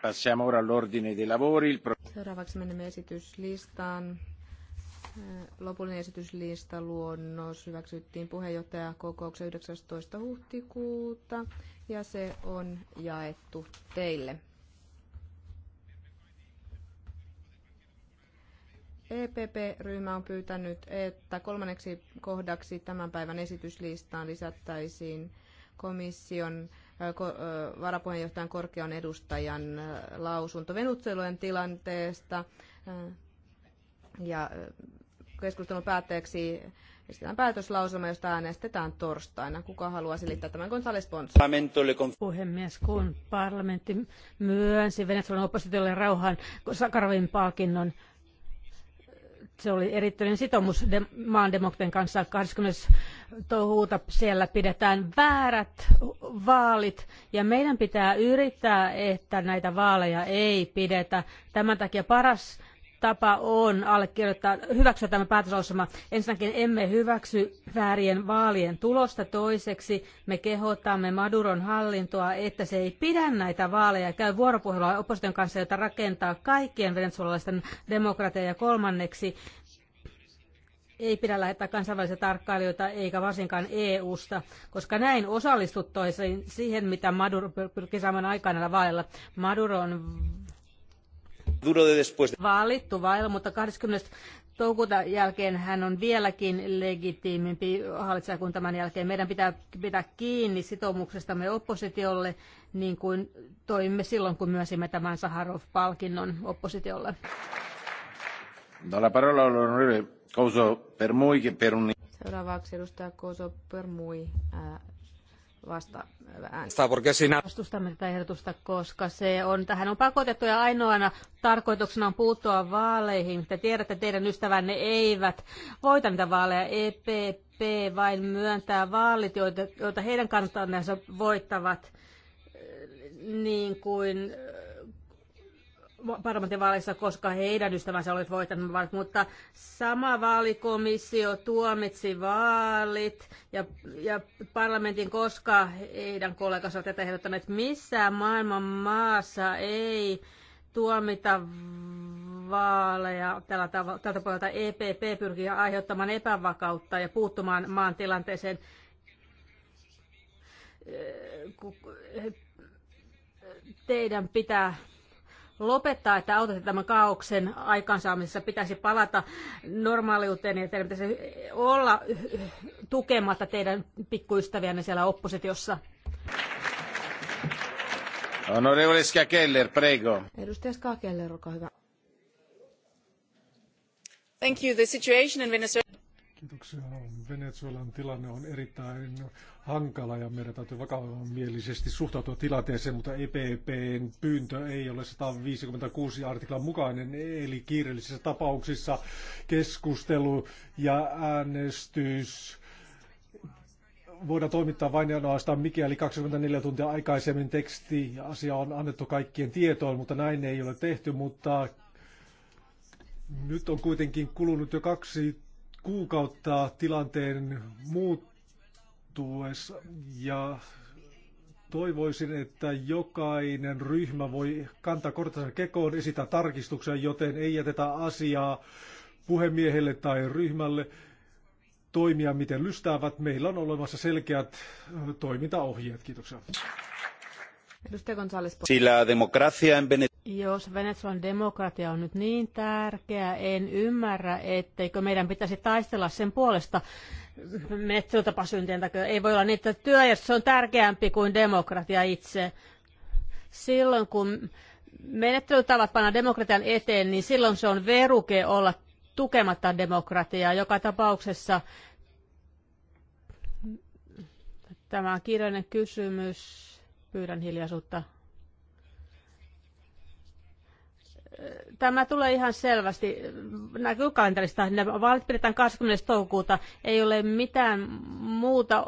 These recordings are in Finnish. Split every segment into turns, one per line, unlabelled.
Passiamo ora all'ordine dei lavori.
Seuraavaksi menemme esityslistaan. Eh, lopullinen esityslistaluonnos hyväksyttiin puheenjohtajakokouksen 19. huhtikuuta ja se on jaettu teille. EPP-ryhmä on pyytänyt, että kolmanneksi kohdaksi tämän päivän esityslistaan lisättäisiin komission varapuheenjohtajan korkean edustajan lausunto Venutselujen tilanteesta. Ja keskustelun päätteeksi Esitetään päätöslausuma, josta äänestetään torstaina. Kuka haluaa selittää tämän Gonzales Pons?
Puhemies, kun parlamentti myönsi Venezuelan oppositiolle rauhan Sakarovin palkinnon, se oli erittäin sitomus de- maan kanssa 20 touhuuta. Siellä pidetään väärät vaalit ja meidän pitää yrittää, että näitä vaaleja ei pidetä. Tämän takia paras tapa on allekirjoittaa, hyväksyä tämä päätösosama. Ensinnäkin emme hyväksy väärien vaalien tulosta. Toiseksi me kehotamme Maduron hallintoa, että se ei pidä näitä vaaleja ja käy vuoropuhelua opposition kanssa, jota rakentaa kaikkien venezuelalaisten demokratia. Ja kolmanneksi ei pidä lähettää kansainvälisiä tarkkailijoita eikä varsinkaan EU-sta, koska näin osallistuttaisiin siihen, mitä Maduro pyrkii saamaan aikaan näillä vaaleilla. Maduro on valittu vailla, mutta 20 toukokuuta jälkeen hän on vieläkin legitiimimpi hallitsija kuin tämän jälkeen. Meidän pitää pitää kiinni sitoumuksestamme oppositiolle, niin kuin toimme silloin, kun myösimme tämän Saharov-palkinnon oppositiolle.
No, la parola, Koso per per un...
Seuraavaksi edustaja vasta Vastustamme tätä ehdotusta, koska se on, tähän on pakotettu ja ainoana tarkoituksena on puuttua vaaleihin. Te tiedätte, että teidän ystävänne eivät voita niitä vaaleja. EPP vain myöntää vaalit, joita, joita heidän kannattaneensa voittavat, niin kuin parlamentin koska heidän ystävänsä olivat voittaneet vaalit, mutta sama vaalikomissio tuomitsi vaalit ja, ja parlamentin, koska heidän kollegansa ovat tätä ehdottaneet. Missään maailman maassa ei tuomita vaaleja tällä, tavalla, tältä puolelta. EPP pyrkii aiheuttamaan epävakautta ja puuttumaan maan tilanteeseen teidän pitää lopettaa, että autatte tämän kaauksen aikaansaamisessa. Pitäisi palata normaaliuteen ja teidän pitäisi olla tukematta teidän pikkuystäviänne siellä oppositiossa.
Onorevole Skakeller, prego.
Edustaja Skakeller, olkaa hyvä.
Thank you. The situation in Venezuela...
Kiitoksia. Venezuelan tilanne on erittäin hankala ja meidän täytyy vakavamielisesti suhtautua tilanteeseen, mutta EPPn pyyntö ei ole 156 artiklan mukainen, eli kiireellisissä tapauksissa keskustelu ja äänestys voidaan toimittaa vain ja ainoastaan mikäli 24 tuntia aikaisemmin teksti ja asia on annettu kaikkien tietoon, mutta näin ei ole tehty, mutta nyt on kuitenkin kulunut jo kaksi kuukautta tilanteen muuttuessa ja toivoisin, että jokainen ryhmä voi kantaa kortensa kekoon, esittää tarkistuksia, joten ei jätetä asiaa puhemiehelle tai ryhmälle toimia miten lystäävät. Meillä on olemassa selkeät toimintaohjeet. Kiitoksia.
Sillä demokratia en
jos Venezuelan demokratia on nyt niin tärkeä, en ymmärrä, etteikö meidän pitäisi taistella sen puolesta menettelytapasyntien takia. Ei voi olla niitä se on tärkeämpi kuin demokratia itse. Silloin kun menettelytavat panna demokratian eteen, niin silloin se on veruke olla tukematta demokratiaa. Joka tapauksessa tämä on kirjallinen kysymys. Pyydän hiljaisuutta. tämä tulee ihan selvästi näkyy kalenterista. vaalit pidetään 20. toukokuuta. Ei ole mitään muuta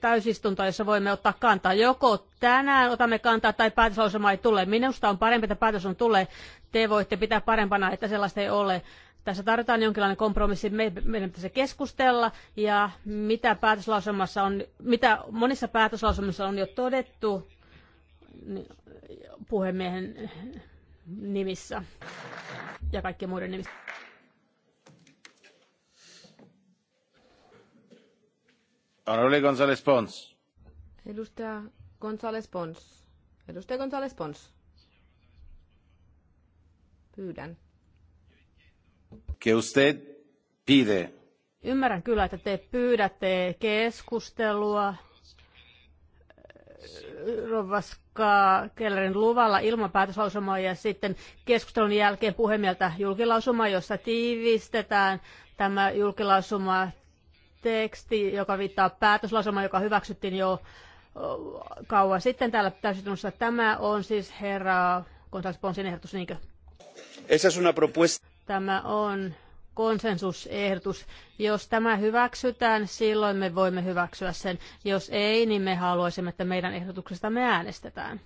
täysistuntoa, jossa voimme ottaa kantaa. Joko tänään otamme kantaa tai päätöslausuma ei tule. Minusta on parempi, että päätös on tulee. Te voitte pitää parempana, että sellaista ei ole. Tässä tarvitaan jonkinlainen kompromissi. Meidän pitäisi keskustella ja mitä, päätöslausumassa on, mitä monissa päätöslausumissa on jo todettu, niin puhemiehen nimissä ja kaikki muiden nimissä.
Honorable González Pons.
Edustaja González Pons. Edustaja González Pons. Pyydän.
Que usted pide.
Ymmärrän kyllä, että te pyydätte keskustelua rovaska Kellerin luvalla ilman päätöslausumaa ja sitten keskustelun jälkeen puhemieltä julkilausuma, jossa tiivistetään tämä julkilausuma teksti, joka viittaa päätöslausumaan, joka hyväksyttiin jo kauan sitten täällä täysistunnossa. Tämä on siis herra Gonzales Ponsin ehdotus, niinkö? Tämä on konsensusehdotus. Jos tämä hyväksytään, silloin me voimme hyväksyä sen. Jos ei, niin me haluaisimme, että meidän me äänestetään.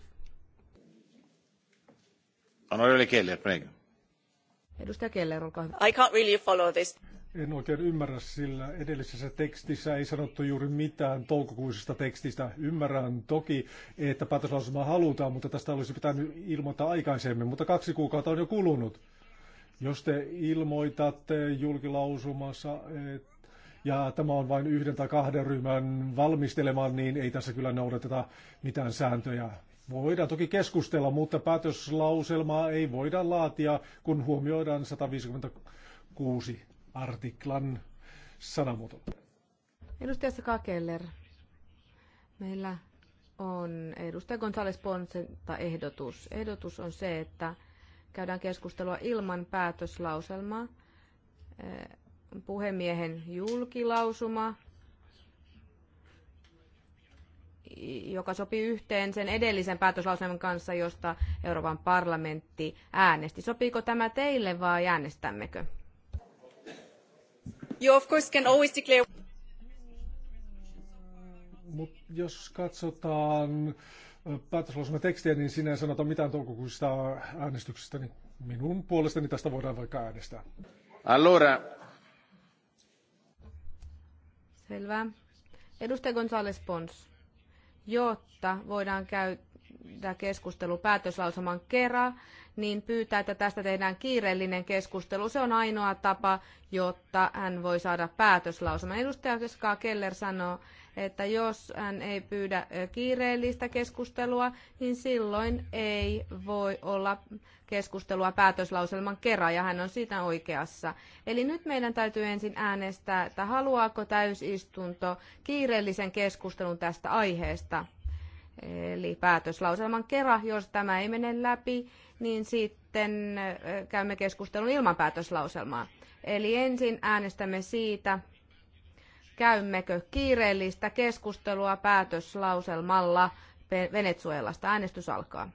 Edustaja Keller, olkaa hyvä. I can't really follow this.
En oikein ymmärrä, sillä edellisessä tekstissä ei sanottu juuri mitään toukokuisesta tekstistä. Ymmärrän toki, että päätöslausumaa halutaan, mutta tästä olisi pitänyt ilmoittaa aikaisemmin, mutta kaksi kuukautta on jo kulunut. Jos te ilmoitatte julkilausumassa, että ja tämä on vain yhden tai kahden ryhmän valmistelemaan, niin ei tässä kyllä noudateta mitään sääntöjä. Voidaan toki keskustella, mutta päätöslauselmaa ei voida laatia, kun huomioidaan 156 artiklan sanamuoto.
Edustaja Kakeller, meillä on edustaja González Ponselta ehdotus. Ehdotus on se, että käydään keskustelua ilman päätöslauselmaa. Eh, puhemiehen julkilausuma, joka sopii yhteen sen edellisen päätöslauselman kanssa, josta Euroopan parlamentti äänesti. Sopiiko tämä teille vai äänestämmekö? You of course can always declare...
Mut jos katsotaan päätöslausuma tekstiä niin sinä ei sanota mitään toukokuista äänestyksestä, niin minun puolestani tästä voidaan vaikka äänestää. Allora.
Selvä. Edustaja González Pons, jotta voidaan käydä keskustelu päätöslausuman kerran, niin pyytää, että tästä tehdään kiireellinen keskustelu. Se on ainoa tapa, jotta hän voi saada päätöslausuman. Edustaja Keskaa Keller sanoo, että jos hän ei pyydä kiireellistä keskustelua, niin silloin ei voi olla keskustelua päätöslauselman kerran, ja hän on siitä oikeassa. Eli nyt meidän täytyy ensin äänestää, että haluaako täysistunto kiireellisen keskustelun tästä aiheesta. Eli päätöslauselman kerran, jos tämä ei mene läpi, niin sitten käymme keskustelun ilman päätöslauselmaa. Eli ensin äänestämme siitä, käymmekö kiireellistä keskustelua päätöslauselmalla Venezuelasta. Äänestys alkaa.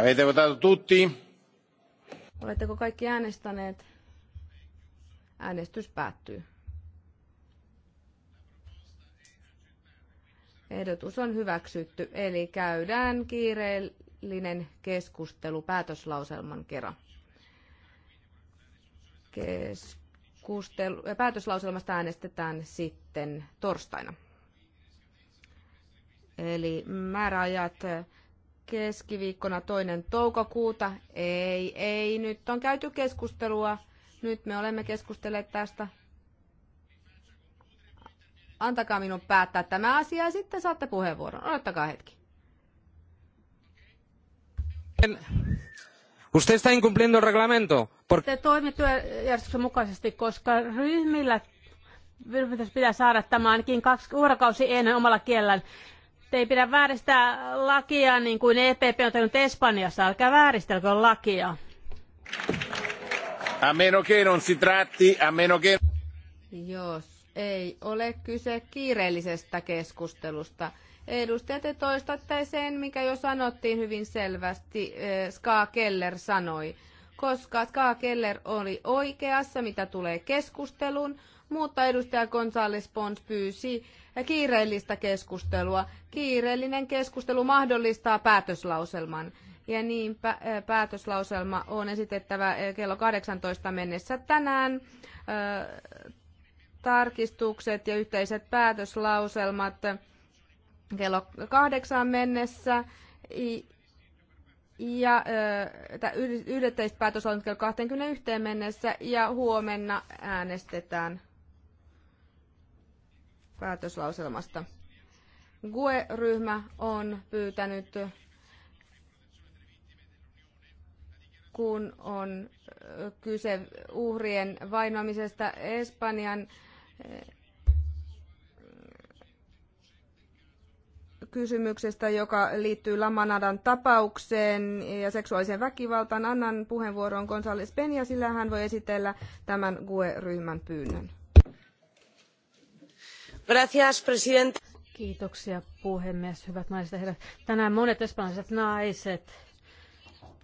Avete votato tutti?
Oletteko kaikki äänestäneet? Äänestys päättyy. Ehdotus on hyväksytty, eli käydään kiireellinen keskustelu päätöslauselman kerran. Keskustelu, päätöslauselmasta äänestetään sitten torstaina. Eli määräajat keskiviikkona toinen toukokuuta. Ei, ei, nyt on käyty keskustelua. Nyt me olemme keskustelleet tästä. Antakaa minun päättää tämä asia ja sitten saatte puheenvuoron. Odottakaa hetki. Usted está incumpliendo el reglamento.
Por... Te toimi työjärjestyksen mukaisesti, koska ryhmillä pitää saada tämä ainakin kaksi vuorokausi ennen omalla kielellä ei pidä vääristää lakia niin kuin EPP on tehnyt Espanjassa. Älkää vääristelkö lakia.
A meno che non si tratti, a meno che...
Jos ei
ole kyse kiireellisestä keskustelusta. Edustajat, te toistatte sen, mikä jo sanottiin hyvin selvästi, eh, Ska Keller sanoi. Koska Ska Keller oli oikeassa, mitä tulee keskustelun, mutta edustaja Gonzales Pons pyysi kiireellistä keskustelua. Kiireellinen keskustelu mahdollistaa päätöslauselman. Ja niin, päätöslauselma on esitettävä eh, kello 18 mennessä tänään. Eh, tarkistukset ja yhteiset päätöslauselmat kello kahdeksaan mennessä ja päätös on kello 21 mennessä ja huomenna äänestetään päätöslauselmasta. GUE-ryhmä on pyytänyt, kun on kyse uhrien vainoamisesta Espanjan kysymyksestä, joka liittyy Lamanadan tapaukseen ja seksuaaliseen väkivaltaan. Annan puheenvuoron Gonzales Penja, sillä hän voi esitellä tämän GUE-ryhmän pyynnön.
Kiitoksia puhemies, hyvät naiset ja herrat. Tänään monet espanjalaiset naiset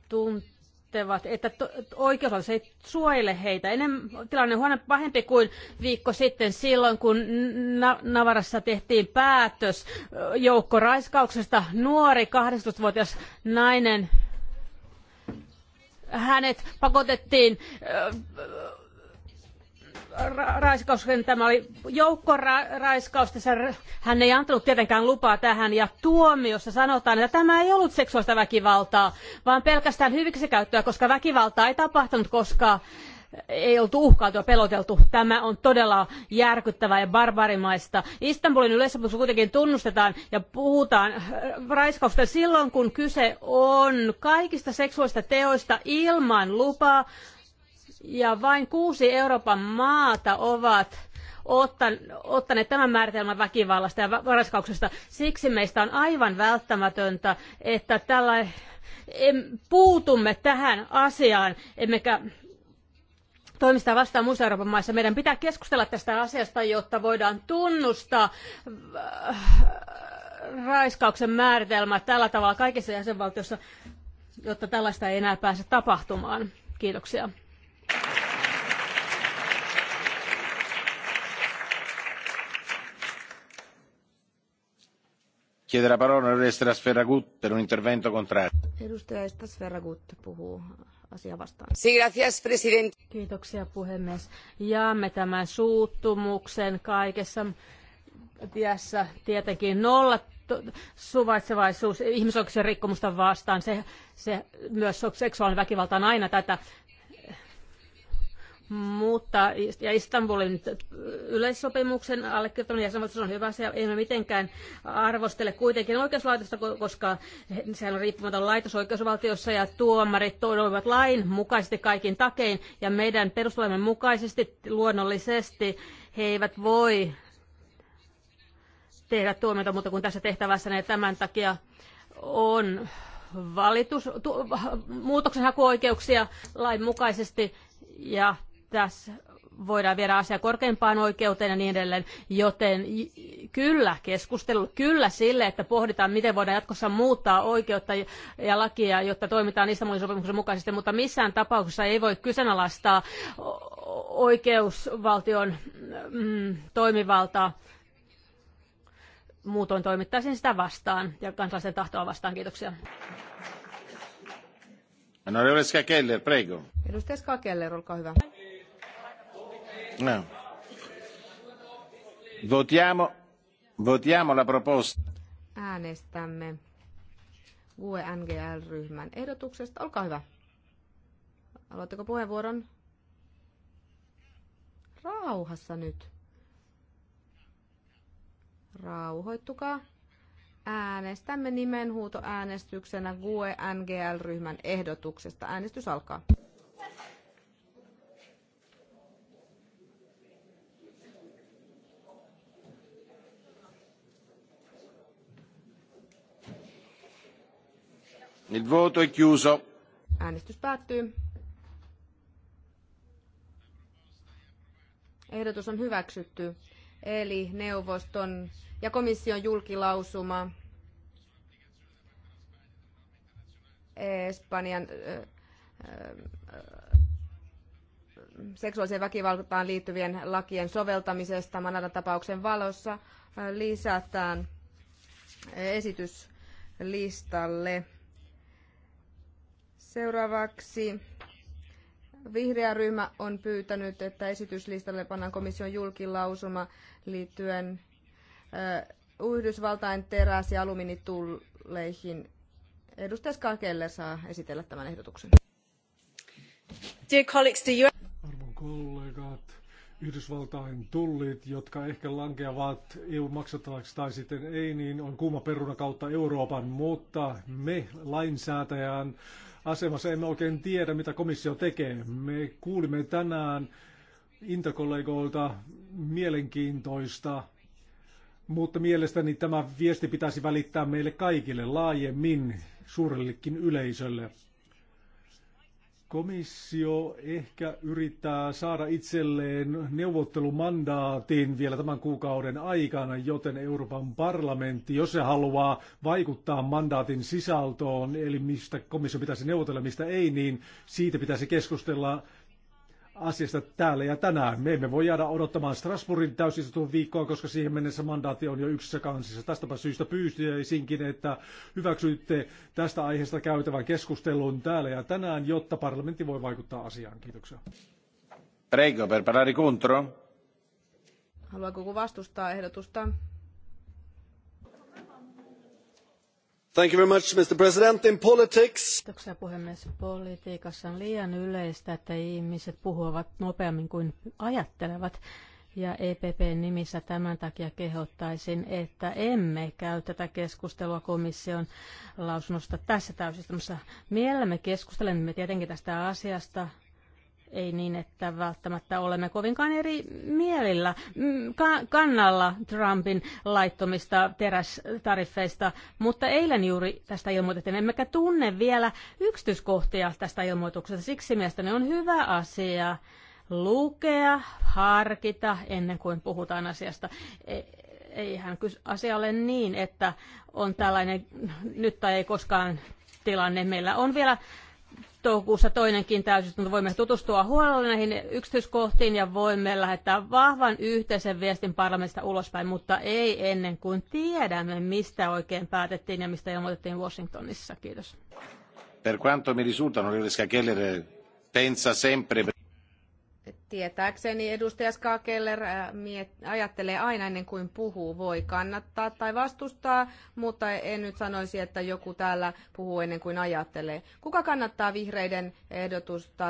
tuntevat, että oikeuslaitos ei suojele heitä. Enem, tilanne on huono pahempi kuin viikko sitten silloin, kun Navarassa tehtiin päätös joukkoraiskauksesta. Nuori 18-vuotias nainen hänet pakotettiin ra- raiskaus, tämä oli joukkoraiskaus, ra- hän ei antanut tietenkään lupaa tähän, ja tuomiossa sanotaan, että tämä ei ollut seksuaalista väkivaltaa, vaan pelkästään hyviksikäyttöä, koska väkivaltaa ei tapahtunut koskaan ei oltu uhkailtu ja peloteltu. Tämä on todella järkyttävää ja barbarimaista. Istanbulin yleissopimus kuitenkin tunnustetaan ja puhutaan äh, raiskausta silloin, kun kyse on kaikista seksuaalista teoista ilman lupaa ja vain kuusi Euroopan maata ovat ottaneet tämän määritelmän väkivallasta ja raiskauksesta. Siksi meistä on aivan välttämätöntä, että tällä em, puutumme tähän asiaan, emmekä toimista vastaan muissa Euroopan maissa. Meidän pitää keskustella tästä asiasta, jotta voidaan tunnustaa äh, raiskauksen määritelmä tällä tavalla kaikissa jäsenvaltioissa, jotta tällaista ei enää pääse tapahtumaan. Kiitoksia.
Chiede la parola onorevole Estras Ferragut per un intervento contrario.
Edustaja Estras Ferragut puhuu asia vastaan. Kiitoksia puhemies. Jaamme tämän suuttumuksen kaikessa tiessä tietenkin nolla suvaitsevaisuus ihmisoikeuksien rikkomusta vastaan. Se, se myös seksuaalinen väkivalta on aina tätä mutta ja Istanbulin yleissopimuksen allekirjoittaminen jäsenvaltiossa on hyvä asia. Emme mitenkään arvostele kuitenkin oikeuslaitosta, koska sehän on riippumaton laitos oikeusvaltiossa ja tuomarit toimivat lain mukaisesti kaikin takein ja meidän perustuslain mukaisesti luonnollisesti he eivät voi tehdä tuomiota muuta kuin tässä tehtävässä. ne tämän takia on valitus, tu, muutoksenhakuoikeuksia lain mukaisesti ja tässä voidaan viedä asia korkeimpaan oikeuteen ja niin edelleen. Joten kyllä keskustelu, kyllä sille, että pohditaan, miten voidaan jatkossa muuttaa oikeutta ja lakia, jotta toimitaan Istanbulin sopimuksen mukaisesti, mutta missään tapauksessa ei voi kyseenalaistaa oikeusvaltion mm, toimivaltaa. Muutoin toimittaisin sitä vastaan ja kansalaisten tahtoa vastaan. Kiitoksia. prego. Edustaja
Skakeller, olkaa hyvä.
No. Votiamo, votiamo la proposta.
Äänestämme GUE-NGL-ryhmän ehdotuksesta. Olkaa hyvä. Aloitteko puheenvuoron? Rauhassa nyt. Rauhoittukaa. Äänestämme nimenhuutoäänestyksenä GUE-NGL-ryhmän ehdotuksesta. Äänestys alkaa.
Il voto è chiuso.
Äänestys päättyy. Ehdotus on hyväksytty, eli neuvoston ja komission julkilausuma Espanjan seksuaaliseen väkivaltaan liittyvien lakien soveltamisesta Manadan tapauksen valossa lisätään esityslistalle. Seuraavaksi vihreä ryhmä on pyytänyt, että esityslistalle pannaan komission julkilausuma liittyen Yhdysvaltain teräs- ja alumiinitulleihin. Edustaja Skakelle saa esitellä tämän ehdotuksen.
Arvon kollegat, Yhdysvaltain tullit, jotka ehkä lankeavat eu maksattavaksi tai sitten ei, niin on kuuma peruna kautta Euroopan, mutta me lainsäätäjän asemassa. Emme oikein tiedä, mitä komissio tekee. Me kuulimme tänään interkollegoilta mielenkiintoista, mutta mielestäni tämä viesti pitäisi välittää meille kaikille laajemmin, suurellekin yleisölle. Komissio ehkä yrittää saada itselleen neuvottelumandaatin vielä tämän kuukauden aikana, joten Euroopan parlamentti, jos se haluaa vaikuttaa mandaatin sisältöön, eli mistä komissio pitäisi neuvotella, mistä ei, niin siitä pitäisi keskustella asiasta täällä ja tänään. Me emme voi jäädä odottamaan Strasbourgin täysistuntoon viikkoa, koska siihen mennessä mandaatti on jo yksissä kansissa. Tästäpä syystä pyytäisinkin, että hyväksytte tästä aiheesta käytävän keskustelun täällä ja tänään, jotta parlamentti voi vaikuttaa asiaan. Kiitoksia.
Prego, per parlare contro.
Haluaako vastustaa
ehdotusta?
arvoisa
puhemies. Politiikassa on liian yleistä, että ihmiset puhuvat nopeammin kuin ajattelevat. Ja EPPn nimissä tämän takia kehottaisin, että emme käy tätä keskustelua komission lausunnosta tässä täysistunnossa. Mielellämme keskustelemme tietenkin tästä asiasta, ei niin, että välttämättä olemme kovinkaan eri mielillä mm, ka- kannalla Trumpin laittomista terästariffeista, mutta eilen juuri tästä ilmoitettiin, emmekä tunne vielä yksityiskohtia tästä ilmoituksesta. Siksi mielestäni on hyvä asia lukea, harkita ennen kuin puhutaan asiasta. E- eihän asia ole niin, että on tällainen nyt tai ei koskaan tilanne. Meillä on vielä toukokuussa toinenkin täysistunto. Voimme tutustua huolella näihin yksityiskohtiin ja voimme lähettää vahvan yhteisen viestin parlamentista ulospäin, mutta ei ennen kuin tiedämme, mistä oikein päätettiin ja mistä ilmoitettiin Washingtonissa. Kiitos.
Per quanto mi risulta, pensa sempre...
Tietääkseni edustaja Skakeller äh, ajattelee aina ennen kuin puhuu. Voi kannattaa tai vastustaa, mutta en nyt sanoisi, että joku täällä puhuu ennen kuin ajattelee. Kuka kannattaa vihreiden ehdotusta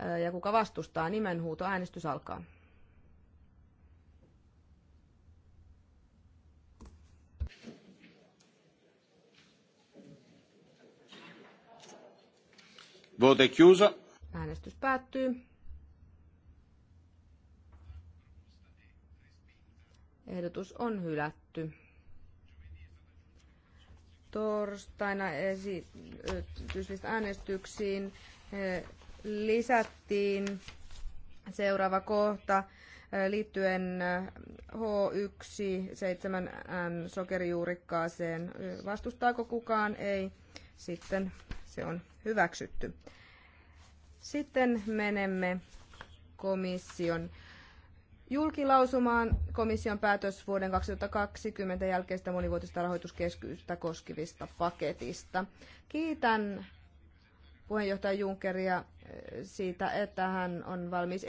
äh, ja kuka vastustaa? Nimenhuuto. Äänestys alkaa.
Vote chiusa.
Äänestys päättyy. Ehdotus on hylätty. Torstaina esityslistä äänestyksiin eh, lisättiin seuraava kohta eh, liittyen H1-7N eh, sokerijuurikkaaseen. Vastustaako kukaan? Ei. Sitten se on hyväksytty. Sitten menemme komission julkilausumaan komission päätös vuoden 2020 jälkeistä monivuotista rahoituskeskystä koskevista paketista. Kiitän puheenjohtaja Junckeria eh, siitä, että hän on valmis